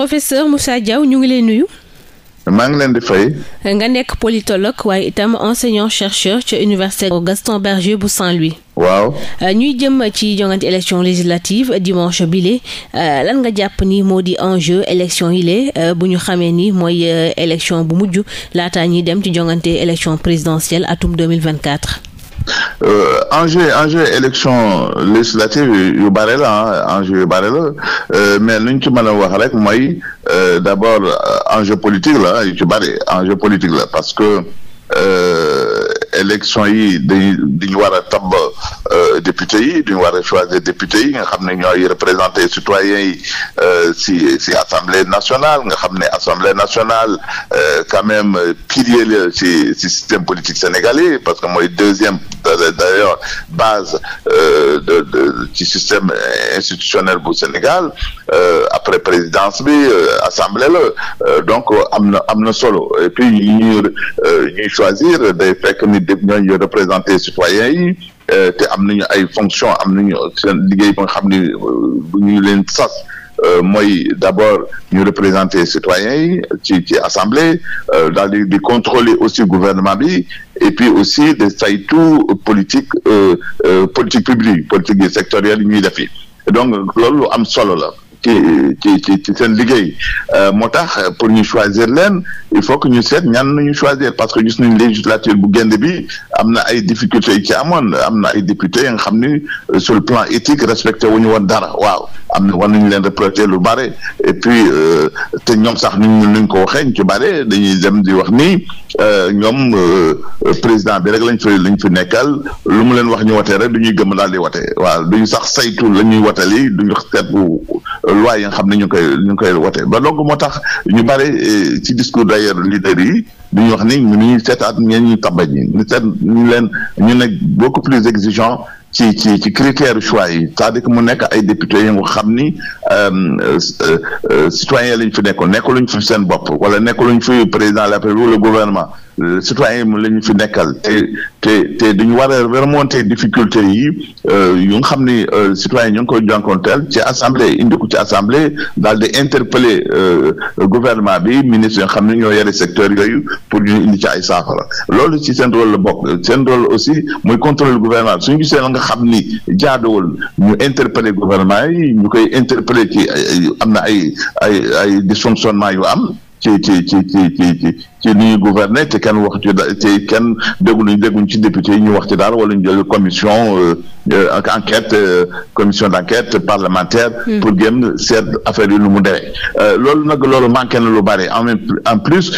professeur Moussa Diaw ñu ngi lay nuyu. maa ngi leen di fay. nga nekk politologue waaye itam enseignant chercheur ca université Gaston Berger bu Saint-Louis. waaw. Euh, ñuy jëm ci jongante élection législative dimanche bile euh, lan nga jàpp ni moo di enjeu élection yi le euh, bu ñu xamee ni mooy élection bu mujj laataa ñuy dem ci jongante élection présidentielle atum 2024 Euh, enjeu enjeu élection législative yu bare la ah enjeu yu bare la euh, mais luñ ci mën a wax rek mooy euh, d'abord enjeu politique la yu ci bare enjeu politique la parce que élection yi dañuy dañu war a tabb euh, député yi duñu war a choisir député yi nga xam ne ñooy représenté citoyens yi euh, si si assemblée nationale nga xam ne assemblée nationale euh, quand même pilier la si si système politique sénégalais parce que mooy deuxième d'ailleurs base de de ci système institutionnel bu Sénégal après présidence bi assemblée la donc am na am na solo et puis ñuy ñuy choisir day fekk ni dégg ñooñu ñooy représenté citoyens yi euh, te am nañu ay fonction am nañu seen liggéey ba nga xam ni bu ñu leen sas euh, mooy d'abord ñu représenter citoyens yi ci ci assemblée euh, daal di di contrôler aussi gouvernement bi et puis aussi de saytu politique politique publique politique sectorielle yi ñuy def yi donc loolu am solo la ci ci ci ci seen liggéey euh, moo tax euh, pour ñu choisir leen il faut que ñu seet ñan nañu choisir parce que gis nañ législature bu génn bi am na ay difficultés yi ci amoon am na ay députés yi nga xam ni euh, sur le plan éthique respecté wu ñu woon dara waaw am na war nañu leen reprocher lu bare et puis euh, te ñoom sax nuñ nuñ ko waxee ñu ci bare dañuy dem di wax ni euh, ñoom euh, président bi rek lañ fi lañ fi nekkal lu mu leen wax ñu watee rek du ñuy gëm daal di wate waa duñu sax saytu la ñuy watali duñu seetlu loi yi nga xam ne ñu koy ñu koy wate ba donc moo tax ñu bare ci discours d'ailleurs leader yi du ñu wax ni ñu ñuy seetaat ñeen ñu tabañ ñi ñu ñu leen ñu nekk beaucoup plus exigeant ci ci ci critère choix yi c'est-à-dire que mu nekk ay député yi nga xam ni euh, euh, euh, citoyen lañ fi nekkoon nekkaluñ fi seen bopp wala nekkaluñ fi président de la République wala gouvernement Euh, citoyen mu la ñu fi nekkal te te te dañu war a remonter difficulté yi euh, yu nga xam ni euh, citoyen ñu ngi koy jànkonteel ci assemblée indi ko ci assemblée daal di interpeller gouvernement bi ministre yi nga xam ne ñoo yore secteur yooyu pour ñu indi ci ay saafara loolu ci seen rôle la bokk seen rôle aussi muy contrôle gouvernement suñu gisee la nga xam ni jaaduwul ñu interpeller gouvernement yi ñu koy interpeller ci am na ay ay ay dysfonctionnement yu am ci ci ci ci ci ci li ñuy gouverner te kenn wax ci te kenn dégguñu dégguñu ci député yi ñu wax ci dara wala ñu jël commission euh, euh, enquête euh, commission d'enquête parlementaire hmm. pour gën seet affaire yi nu mu demee loolu nag loolu manqué na lu bari en même en plus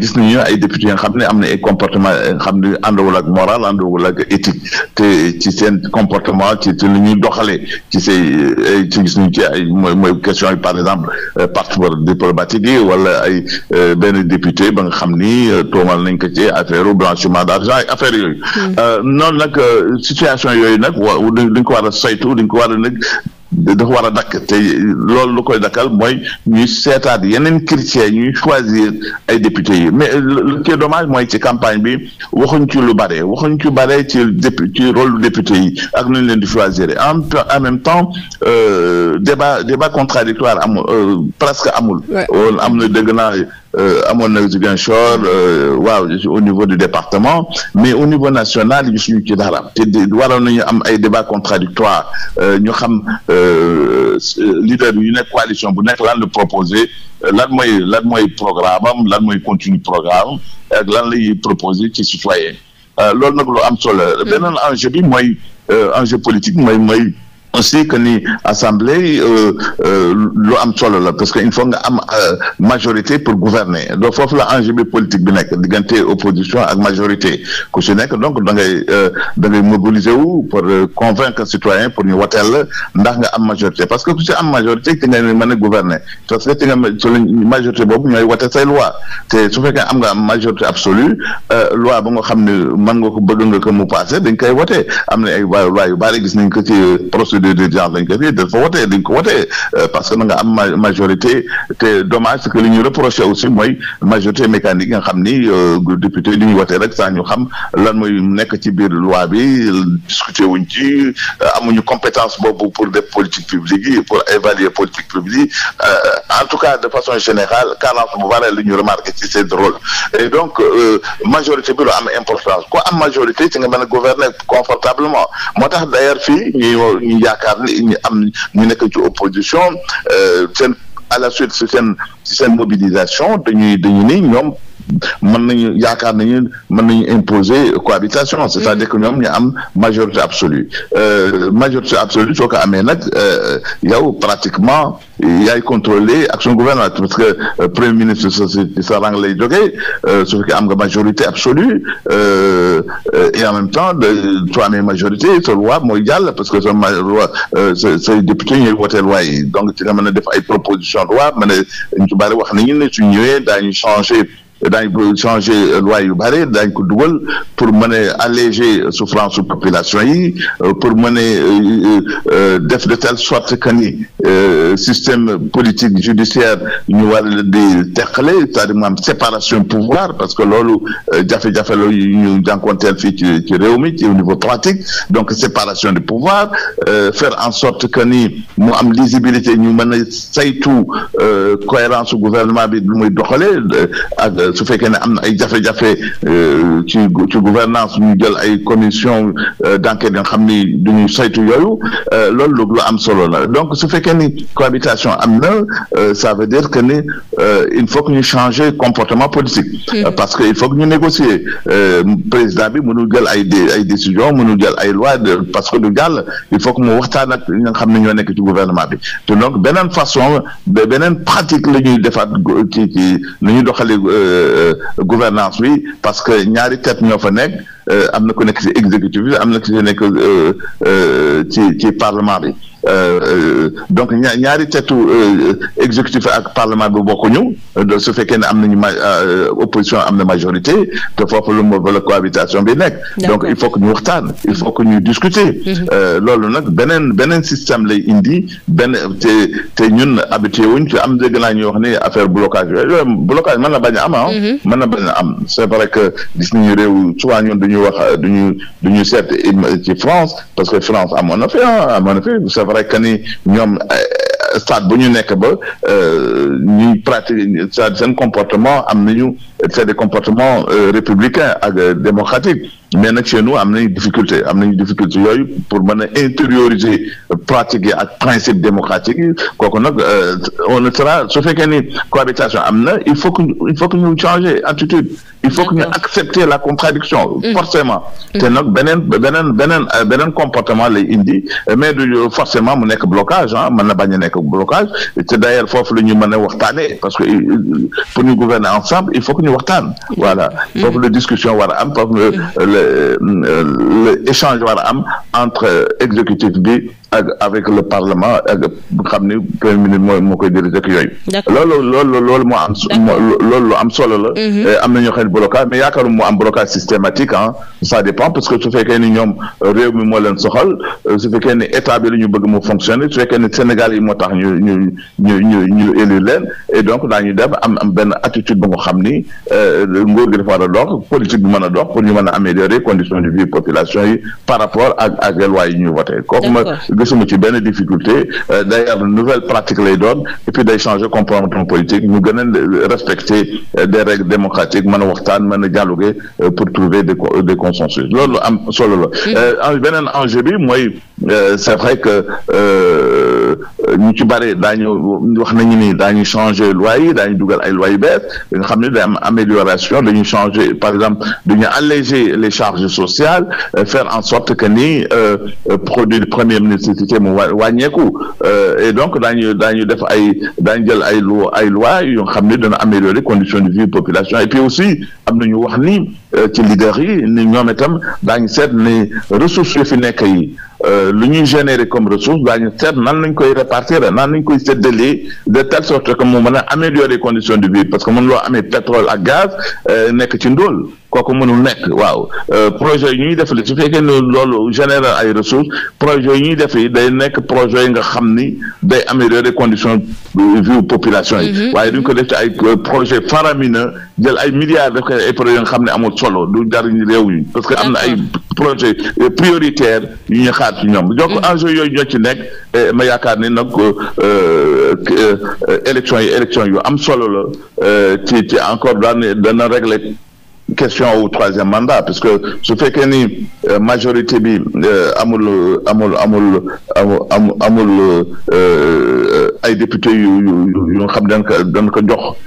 gis ñu ay député yi nga xam ne am na ay comportement xam ne àndawul ak moral àndawul ak éthique te ci seen comportement ci ci li ñuy doxalee ci say ci gis nañu ci ay mooy mooy question yi par exemple passeport diplomatique yi wala ay benn député xam ni euh, toomal nañ ko ci affaire blanchiment d' argent ak affaire yooyu hmm. euh, noonu nag euh, situation yooyu nag wa dañ ko war a saytu dañ ko war a nag dafa war a dakk te loolu lu koy dakkal mooy ñuy seetaat yeneen critères ñuy choisir ay députés yi mais lu qui est mooy ci campagne bi waxuñ ci lu bare waxuñ ci bare ci ci rôle député yi ak nu ñu leen di choisir en en même temps débat débat contradictoire amul presque amul woon am na dégg naa Euh, amoon na Ziguinchor euh, waaw au niveau du département mais au niveau national gisuñu ci dara te waroon nañu am ay débats contradictoires euh, ñu xam leader yu nekk coalition bu nekk lan la proposé lan mooy lan mooy programme am lan mooy continue programme ak lan lay proposé ci citoyen loolu nag lu am solo hmm. beneen enjeu bi mooy enjeu politique mooy mooy ainsi que ni assemblée euh, euh, lu am solo la parce que il faut nga am euh, majorité pour gouverner donc foofu la enjeu bi politique bi nekk diggante opposition ak majorité ku si nekk donc da ngay da ngay mobiliser wu pour convaincre citoyen pour ñu wateel la ndax nga am majorité parce que ku si am majorité ci nga mën a gouverner parce que ci nga ci boobu ñooy wate say loi te su fekkee am nga majorité absolue loi ba nga xam ne mën nga ko bëgg nga ko mu passé dañ koy wote am na ay loi yu bari gis nañ ko ci procédure d'urgence lañ ko fii dañ ko wote dañ ko wote euh, parce que na nga am majorité te dommage que ñu reproché aussi mooy majorité mécanique nga xam ni euh, député li ñu wote rek sans ñu xam lan mooy nekk ci biir loi bi discuter wuñ ci euh, amuñu compétence boobu pour def politique publique yi pour évaluer politique publique en tout cas de façon générale carence bu bare li ñu remarqué ci seen rôle et donc majorité bi am importance ku am majorité ci nga mën a gouverner confortablement moo yaakaar ni ñu am ñu nekk ci opposition euh, seen à la suite su seen seen mobilisation dañuy dañu ni ñoom mën nañu yaakaar nañu mën nañu imposer cohabitation c'est-à-dire que ñoom ñu am majorité absolue euh, majorité absolue soo ko amee nag euh, yow pratiquement yaay contrôler action gouvernement parce que euh, premier ministre sa rang lay jógee su fekkee am ga majorité absolue et en même temps soo amee majorité sa loi mooy jàll parce que sa loi sa say député ñooy wote loi yi donc ci nga mën a def ay proposition de loi mën ñu wax nañu ne su ñëwee daañu changer dan ko changer loi yu bare daañ ko dugal pour mën a alléger souffrance population yi euh, pour mën a euh, euh, def de telle sorte que ni système politique judiciaire ñu war di teqale c'est-à-dire maanaam séparation pouvoir parce que loolu jafe-jafe la ñu jànkonteel fii ci ci réew mi ci au niveau pratique donc séparation du pouvoir faire en sorte que ni mu am lisibilité ñu mën a saytu cohérence gouvernement bi lu muy doxale ak su fekkee ne am na ay jafe-jafe euh, ci ci gouvernance ñu jël ay commission euh, d'enquête yi nga xam ni du duñu saytu yooyu euh, loolu lu am solo la donc su fekkee ni cohabitation am na ça veut dire que ni il faut que ñu changer comportement politique mm-hmm. parce que il faut que ñu négocier président bi mënul jël ay ay décision mënul jël ay loi parce que du jàll il faut mu waxtaan ak nga xam ne ñoo nekk ci gouvernement bi te donc beneen façon beneen pratique la ñuy defaat ci ci la ñuy doxalee Euh, euh, gouvernance bi parce que ñaari tête ñoo fa nekk euh, am na ku nekk ci bi am na ku nekk ci ci parlement bi Euh, euh, donc ñaar ñaari tetu euh, exécutif ak parlement bi bokkuñu su fekkee ne am nañu ma opposition am na majorité te foofu lu mu la cohabitation bi nekk. donc il faut que ñu waxtaan il faut que ñu discuter. Mm-hmm. Mm-hmm. loolu nag beneen beneen système lay indi benn te te ñun habitué wuñ ci am dégg naa ñuy wax ni affaire blocage yooyu blocage mën na bañ a am ah. Mm-hmm. mën na bañ am c'est vrai que gis nañu réew souvent ñun duñu wax duñu duñu seet ci France parce que France amoon na fi ah, amoon na fi rek ni ñoom euh, stade bu ñu nekk ba euh, ñuy pratique seen comportement am nañu c'est des comportements euh, républicains ak démocratiques mais nag chez nous am nañu difficulté am nañu difficulté yooyu pour mën a intérioriser pratique yi ak principe démocratique yi kooku nag on sera su fekkee ni cohabitation am na il faut que il ñu changer attitude il faut que ñu accepter la contradiction mm. forcément mm. te nag beneen beneen beneen euh, beneen comportement lay indi mais du euh, forcément mu nekk blocage ah mën na bañ a nekk blocage te d'ailleurs foofu la ñu mën a waxtaanee parce que euh, pour ñu gouverner ensemble il faut que ñu waxtaan voilà mm. foofu la discussion war a am foofu le le échange war a am entre exécutif bi ak avec le parlement ak xam ni premier ministre mooy moo koy diriger ak yooyu. loolu loolu moo am. solo la. Mm-hmm. am na ñoo xam ne blocage mais yaakaaru mu am blocage systématique ah ça dépend parce que su fekkee ni ñoom euh, réew mi moo leen soxal euh, su fekkee ni état ñu bëgg mu fonctionner su fekkee ni Sénégal yi moo tax ñu ñu leen et donc daañu dem am am benn attitude ba xam ni euh, nguur gi a dox politique bi mën a dox pour ñu mën a améliorer conditions de vie population yi par gisuma ci benn difficulté euh, d'ailleurs nouvelle pratique lay doon et puis day changer comportement politique ñu gën a euh, respecter euh, des règles démocratiques mën a waxtaan mën a dialoguer pour trouver des consensus loolu am solo la mm-hmm. beneen enjeu bi c'est vrai que ñu ci bare daañu wax nañu ni daañu changer loi yi daañu dugal ay loi yu bees nga xam ne day am amélioration dañuy changer par exemple dañu alléger les charges sociales euh, faire en sorte que ni euh, euh, produit de première nécessité mu wàññeeku et donc daañu daañu def ay daañu jël ay lo ay loi yoo xam ne dana améliorer conditions de vie population et puis aussi am nañu wax ni ci leader yi ni ñoom itam daañu seet ni ressources yu fi nekk yi Euh, lu ñuy générer comme ressource daañu seet nan lañ koy répartir nan lañ koy séddalee de telle sorte que mu mën a améliorer conditions de vie parce que mën loo amee pétrole ak gaz euh, nekk ci ndóol kooku mënul nekk waaw euh, projet yi ñuy def li su fekkee ne loolu général ay ressources projet yi ñuy def yi day nekk projet yi nga xam ni day améliorer conditions de vie population yi mm-hmm. waaye duñ ko def ci ay euh, projet faramineux jël ay milliards def ko ay projet nga xam ne amul solo du jariñ réew yi parce que am na ay projet euh, prioritaire yu ñu xaar ci ñoom donc mm-hmm. enjeu yooyu ñoo ci nekk ma yaakaar ni nag élection yi élection yu am solo la ci ci encore daan dana régler question wu troisième mandat parce que su fekkee ni euh, majorité bi euh, amul amul amul amul amul euh, ay député yu yu yu xam dañ ko dañ ko jox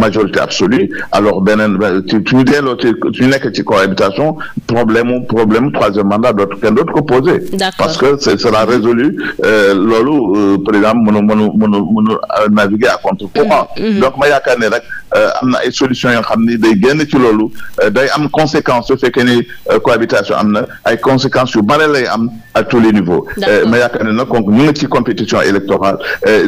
majorité absolue alors beneen su ñu delloo ci su ñu nekk ci cohabitation problème problème troisième mandat dootu kenn dootu ko posé. parce que ce sera résolu loolu par exemple mënu mënu mënu mënu naviguer à contre courant mm-hmm. donc ma yaakaar ne rek Euh, am na ay solution yoo xam ni day génn ci loolu euh, day am conséquence yu fekkee ni euh, cohabitation am na ay conséquences yu bare lay am à tous les niveaux ma yaakaar ne na kon ñu ngi ci compétition électorale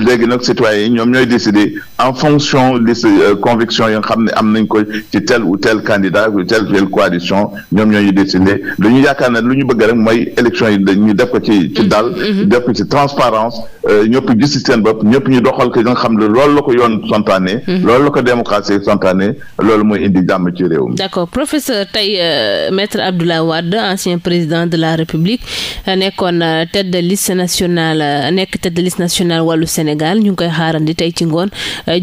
léegi nag citoyens yi ñoom ñooy décider en fonction des convictions yoo xam ne am nañ ko ci tel ou tel candidat ou tel ou tel coalition ñoom ñooy décider dañu yaakaar ne lu ñu bëgg rek mooy élection yi dañuy def ko ci ci dal mm-hmm. def ko ci transparence Euh, ñëpp gis ci seen ñëpp ñu doxal ko nga xam ne loolu la ko yoon santaane. Mhm. loolu la ko démocratie santaane loolu mooy indi jàmm ci réew mi. d'accord professeur tey euh, maître Abdoulaye Wade ancien président de la République euh, nekkoon tête de liste nationale nekk tête de national nationale wàllu Sénégal ñu ngi koy xaaral di tey ci ngoon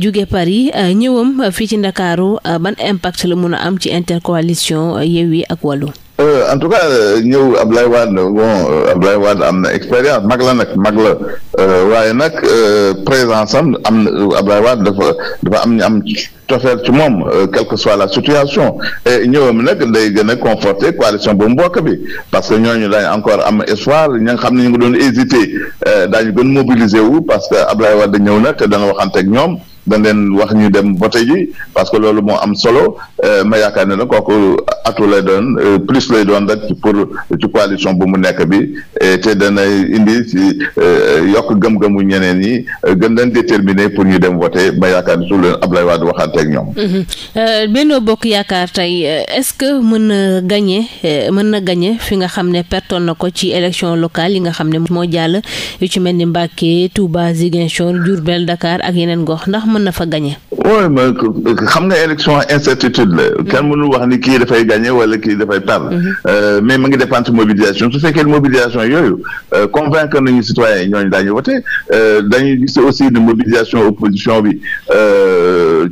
jóge Paris ñëwam fii ci Ndakaaru ban impact la mun a am ci intercoalition yi ak wàllu. Euh, en tout cas euh, ñëw Ablaye Wade bon euh, Ablaye waad am na expérience mag la nag mag la waaye nag présence am am na Ablaye Wade dafa dafa am ñu am cofeel ci moom quelle que soit la situation et ñëwam nag day gën a conforter coalition bu mbokk bi parce que ñooñu daañu encore am espoir ña nga xam ne ñu ngi doon hésiter daañu gën mobiliser wu parce que Ablaye da ñëw na te dana waxante ak ñoom dañ leen wax ñu dem voté ji parce que loolu moo am solo euh, ma yaakaar ne na kooku atu lay doon euh, plus lay doon rek pour ci coalition bu mu nekk bi te dana indi ci euh, yokk gëm-gëmu ñeneen yi gën leen déterminé pour ñu dem voté ma yaakaar ne su leen Ablaye Wade waxaanteeg ñoom. Mm-hmm. Benno Bokk Yaakaar tey est-ce que mën na gagné mën na gagné fi nga xam ne perton na ko ci élection locale yi nga xam ne moo jàll yu ci mel ni Mbacké Touba Ziguinchor Diourbel Dakar ak yeneen gox ndax na fa gagné. oui mais xam nga élection incertitude la. kenn mënul wax ni kii dafay gagné wala kii dafay perdre. Mhm. Euh, mais ma ngi dépendre ci mobilisation su fekkee mobilisation yooyu euh, convaincre nañu citoyens yi ñooñu daañu voté euh, dañuy gis aussi ne mobilisation opposition bi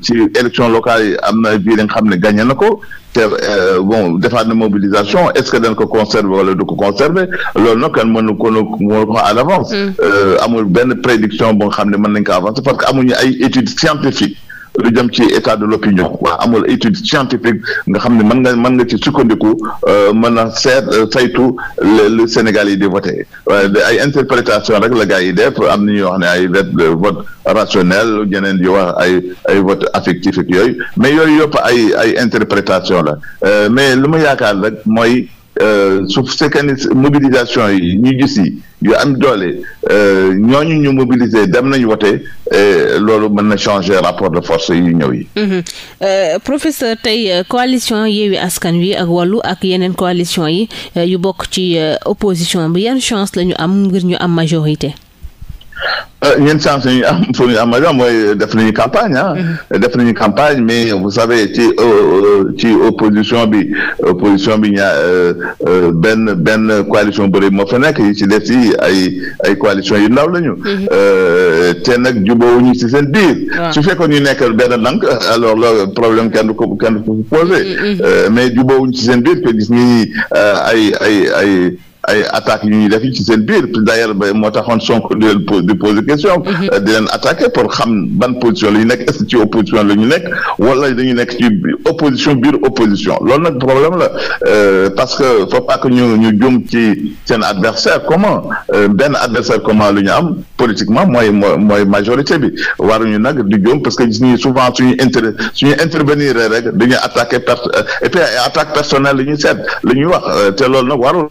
ci élection locale yi am na bii nga xam ne gagné na ko. te euh, bon defaat na mobilisation est-ce que dañ ko conserver wala du ko conserver loolu nag kan mënu ko mënu ko à l'avance mm. euh, amul benn prédiction boo xam ne mën nañ ko avancer parce que amuñu ay études scientifiques lu jëm ci état de l'opinion waa amul étude scientifique nga xam ne man nga mën nga ci sukkandiku euh, man na seet euh, saytu le Sénégal yi di voté ay interprétation rek la gars yi def am na ñuy wax ne ay vote rationnel ñeneen di wax ay ay vote affectif ak yooyu mais yooyu yëpp ay ay interprétation la euh, mais lu ma yaakaar rek mooy Euh, su fekkee mobilisation yi ñu gis yi yu am doole euh, ñooñu ñu mobiliser dem nañu wote euh, loolu mën na changer rapport de force yu ñëw yi. Mhm. professeur tey coalition Yewwi Askan Wi ak Wallu ak yeneen coalition yi yu bokk ci opposition bi yan chance lañu am ngir ñu am majorité. ñeent chance ñu am pour ñu am mooy def nañu campagne ah. Mm-hmm. def nañu campagne mais vous savez ci euh, euh, ci opposition bi opposition bi ña euh, benn benn coalition bëri moo fa nekk yi ci des yi ay ay coalition yu ndaw lañu. Mm-hmm. te nag jubóowuñu si seen biir. su fekkoon ñu nekk benn lank alors le problème kenn du ko kenn du ko posé. Mm-hmm. mais jubóowuñu ci seen biir que gis ñi ay ay ay. ay attaques ñu ñuy def ci seen biir d'ailleurs moo taxoon Sonko di leen di poser question. Mm-hmm. Euh, di leen attaquer pour xam ban position la ñu nekk est-ce ci opposition la ñu nekk wala dañu nekk ci opposition biir opposition loolu nag problème la euh, parce que faut pa que ñu ñu jum ci seen adversaire comment euh, benn adversaire comment lu ñu am politiquement mooy mooy majorité bi ñu nag di jum parce que gis nañu souvent suñu inter suñu intervenir rek dañuy attaquer per et puis attaque personnelle la ñuy seet la ñuy wax te loolu nag warul.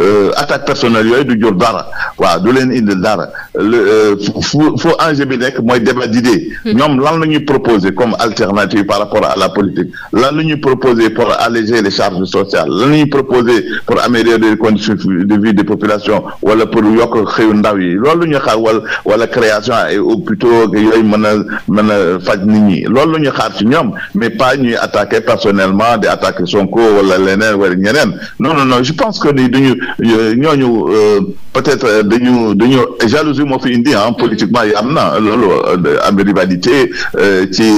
Euh, attaque personnelle yooyu du jur dara waaw du leen indil dara euh, fu fu enjeu bi nekk mooy débat d'idée hmm. ñoom lan la ñuy proposer comme alternative par rapport à la politique lan la ñuy proposer pour alléger les charges sociales lan la ñuy proposer pour améliorer les conditions de vie des populations wala pour yokk xëyu ndaw yi loolu ñu xaar wala wala création ay hôpitaux yooyu mën a mën a faj nit ñi loolu la ñu xaar ci ñoom mais pas ñuy attaquer personnellement di attaquer Sonko wala leneen wala ñeneen non non non je duñu euh, ñooñu euh, peut-être euh, dañu dañu jalousie moo fi indi ah politiquement yi am na loolu am rivalité ci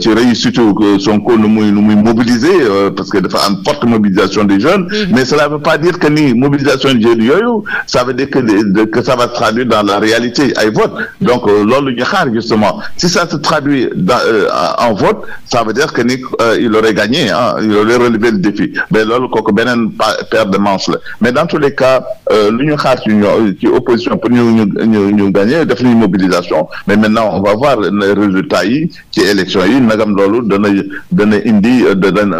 ci réussite Sonko nu muy nu muy mobiliser parce que dafa am forte mobilisation des jeunes mm-hmm. mais cela veut pas dire que ni mobilisation des jeunes yooyu ça veut dire que que ça va se traduire dans la réalité ay vote donc lool ñu xaar justement si ça se traduit dans en vote ça veut dire que ni il aurait gagné il aurait relevé le défi mais loolu kooku beneen de manches chance mais dans tous les cas euh, lu ñu xaar ci ci opposition pour ñu ñu gagner def nañu mobilisation mais maintenant on va voir les yi ci élection yi nagam loolu dana dana indi euh, dana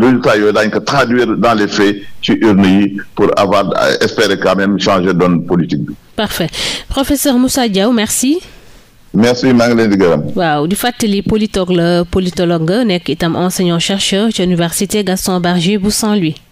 résultats yooyu daañu ko traduire dans les faits ci urne yi pour avoir euh, espérer quand même changer donne politique bi. parfait professeur Moussa merci. merci maa ngi leen di gërëm. waaw di fàttali politologue la politologue nga nekk itam enseignant chercheur ci université Gaston Berger bu Saint-Louis.